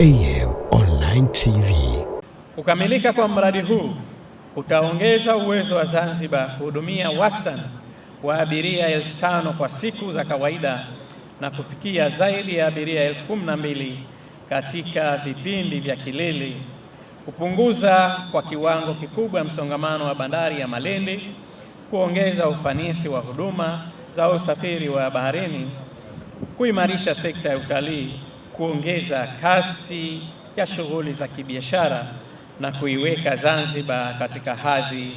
AM Online TV. Kukamilika kwa mradi huu utaongeza uwezo wa Zanzibar kuhudumia wastani wa abiria elfu tano kwa siku za kawaida na kufikia zaidi ya abiria elfu kumi na mbili katika vipindi vya kilele, kupunguza kwa kiwango kikubwa msongamano wa bandari ya Malindi, kuongeza ufanisi wa huduma za usafiri wa baharini, kuimarisha sekta ya utalii kuongeza kasi ya shughuli za kibiashara na kuiweka Zanzibar katika hadhi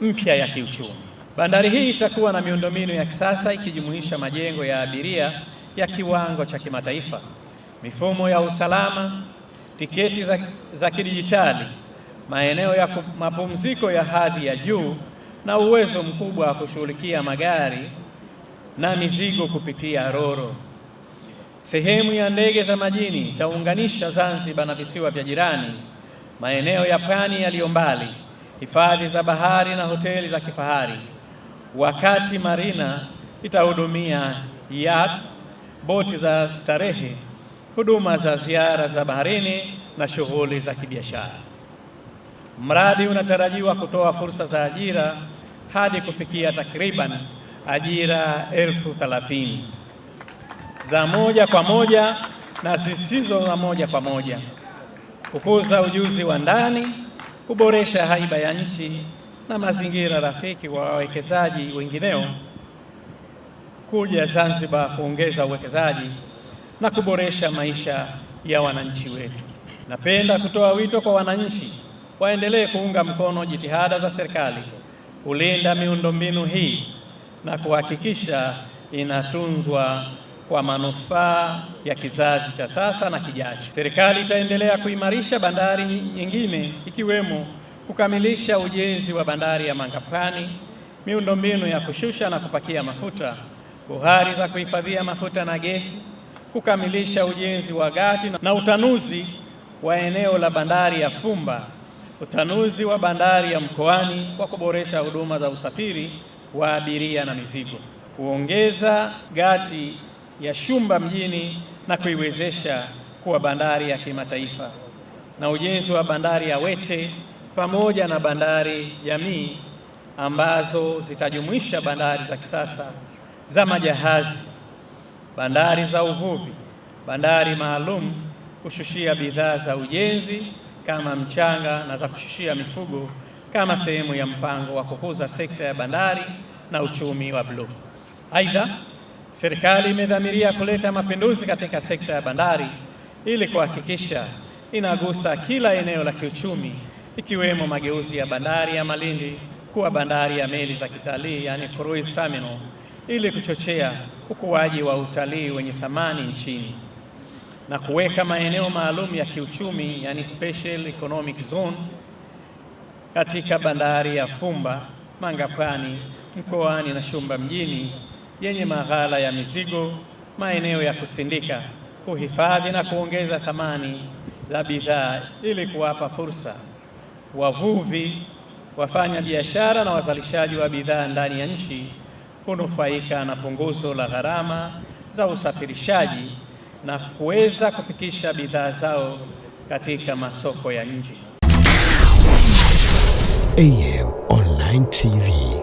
mpya ya kiuchumi. Bandari hii itakuwa na miundombinu ya kisasa ikijumuisha majengo ya abiria ya kiwango cha kimataifa, mifumo ya usalama, tiketi za, za kidijitali, maeneo ya mapumziko ya hadhi ya juu na uwezo mkubwa wa kushughulikia magari na mizigo kupitia roro. Sehemu ya ndege za majini itaunganisha Zanzibar na visiwa vya jirani, maeneo ya pwani yaliyo mbali, hifadhi za bahari na hoteli za kifahari, wakati marina itahudumia yachts, boti za starehe, huduma za ziara za baharini na shughuli za kibiashara. Mradi unatarajiwa kutoa fursa za ajira hadi kufikia takriban ajira elfu thelathini za moja kwa moja na zisizo za moja kwa moja, kukuza ujuzi wa ndani, kuboresha haiba ya nchi na mazingira rafiki kwa wawekezaji wengineo kuja Zanzibar kuongeza uwekezaji na kuboresha maisha ya wananchi wetu. Napenda kutoa wito kwa wananchi waendelee kuunga mkono jitihada za serikali kulinda miundombinu hii na kuhakikisha inatunzwa kwa manufaa ya kizazi cha sasa na kijacho. Serikali itaendelea kuimarisha bandari nyingine ikiwemo kukamilisha ujenzi wa bandari ya Mangapwani, miundombinu ya kushusha na kupakia mafuta, buhari za kuhifadhia mafuta na gesi, kukamilisha ujenzi wa gati na utanuzi wa eneo la bandari ya Fumba, utanuzi wa bandari ya Mkoani kwa kuboresha huduma za usafiri wa abiria na mizigo, kuongeza gati ya Shumba mjini na kuiwezesha kuwa bandari ya kimataifa. Na ujenzi wa bandari ya Wete pamoja na bandari jamii ambazo zitajumuisha bandari za kisasa za majahazi, bandari za uvuvi, bandari maalum kushushia bidhaa za ujenzi kama mchanga na za kushushia mifugo kama sehemu ya mpango wa kukuza sekta ya bandari na uchumi wa bluu. Aidha Serikali imedhamiria kuleta mapinduzi katika sekta ya bandari ili kuhakikisha inagusa kila eneo la kiuchumi ikiwemo mageuzi ya bandari ya Malindi kuwa bandari ya meli za kitalii yani cruise terminal ili kuchochea ukuaji wa utalii wenye thamani nchini na kuweka maeneo maalum ya kiuchumi yani special economic zone katika bandari ya Fumba, Mangapwani, Mkoani na Shumba mjini yenye maghala ya mizigo, maeneo ya kusindika, kuhifadhi na kuongeza thamani za bidhaa ili kuwapa fursa wavuvi, wafanya biashara na wazalishaji wa bidhaa ndani ya nchi kunufaika na punguzo la gharama za usafirishaji na kuweza kufikisha bidhaa zao katika masoko ya nje. AM Online TV